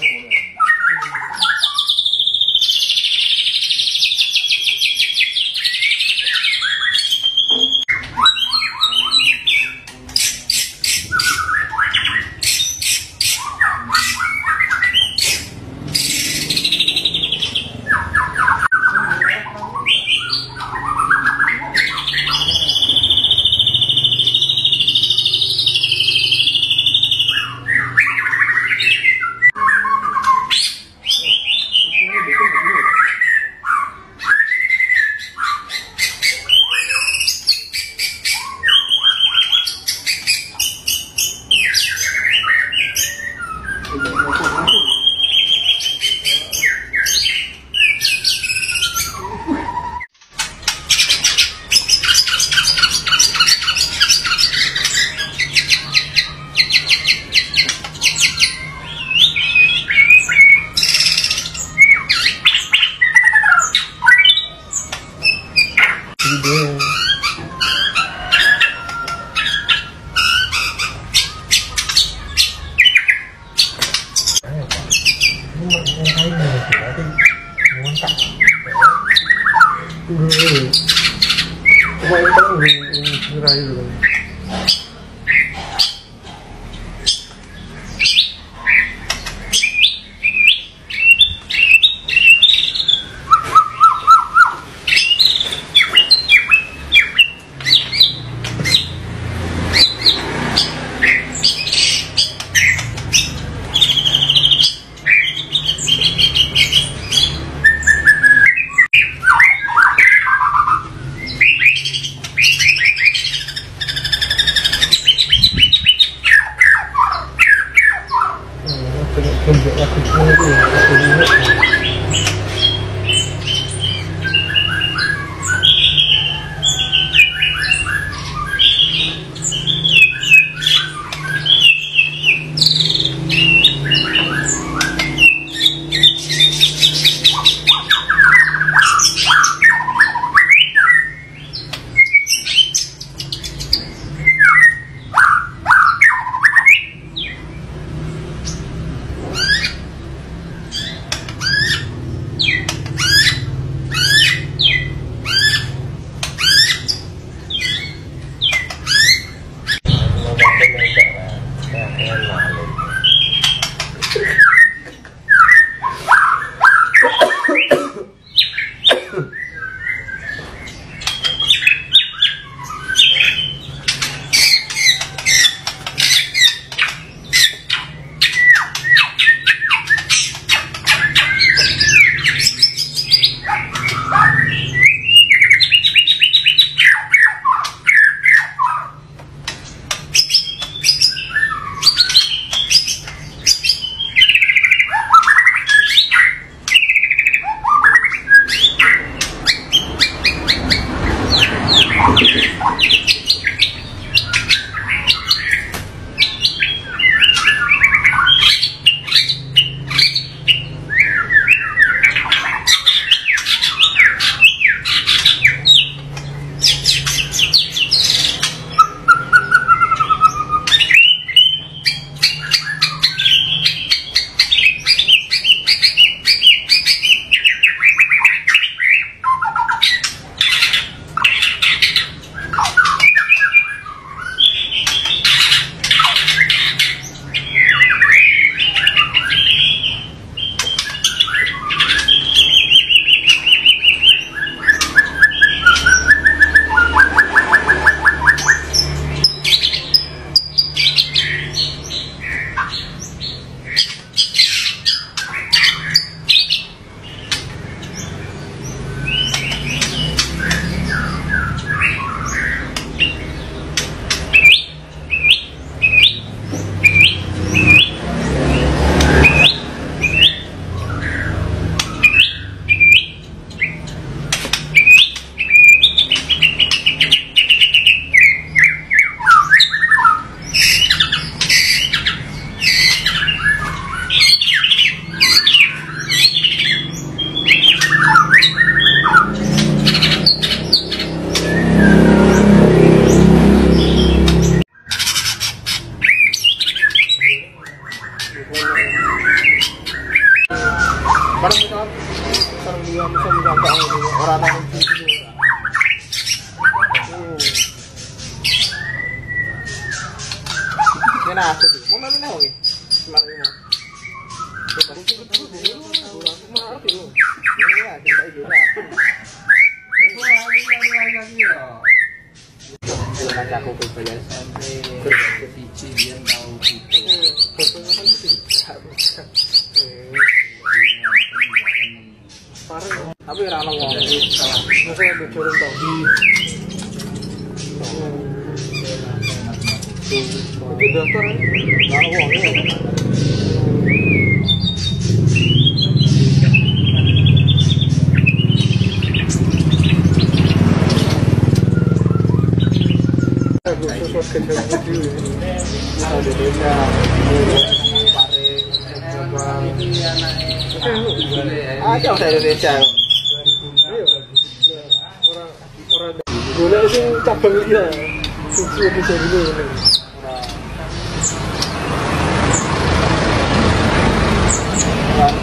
n g o 我也不知你我我个。Yan ako mau mana man na ke dokter Ada orang Indonesia. Orang orang. Boleh sih cabang liya. Susu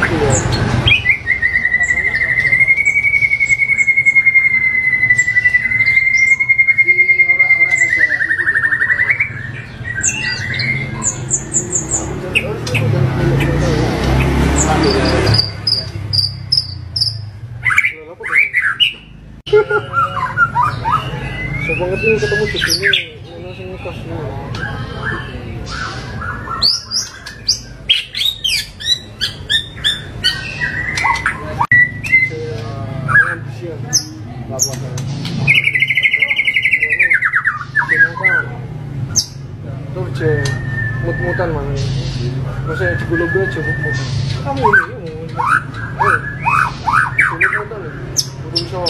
Thank you. mut-mutan mana maksudnya cukup gue cukup mut kamu ini mau eh cukup mutan burung so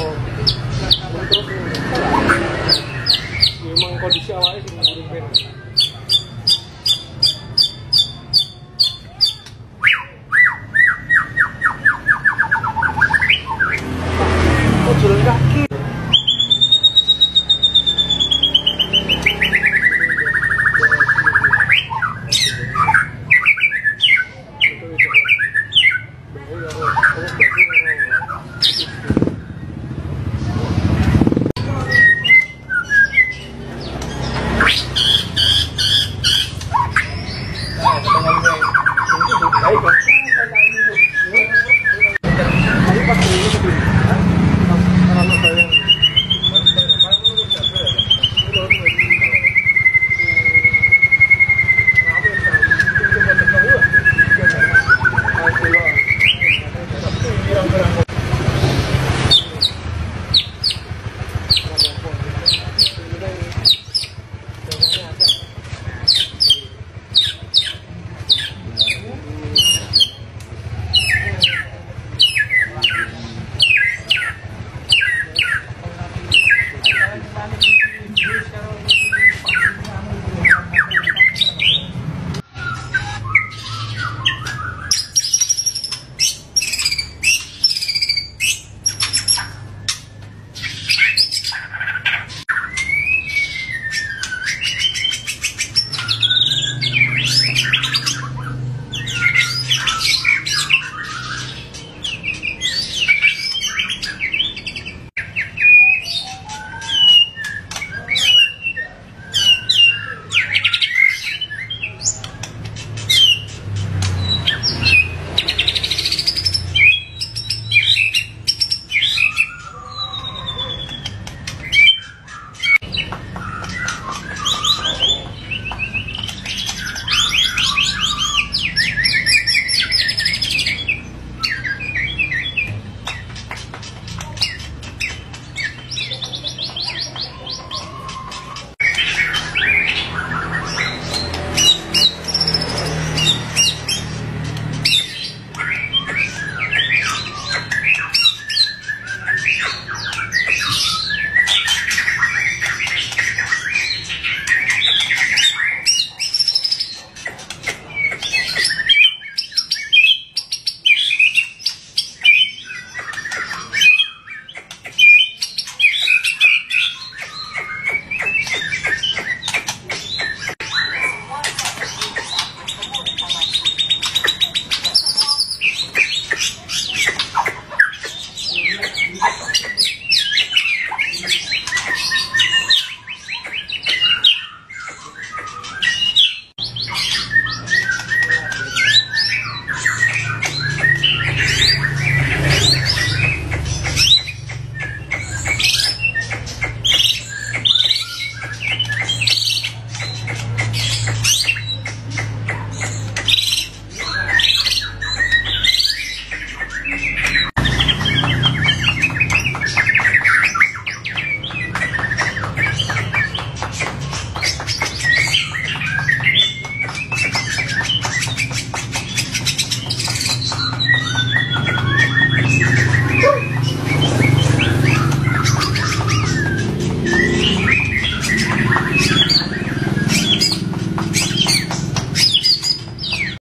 terus memang kondisi awalnya sih burung pen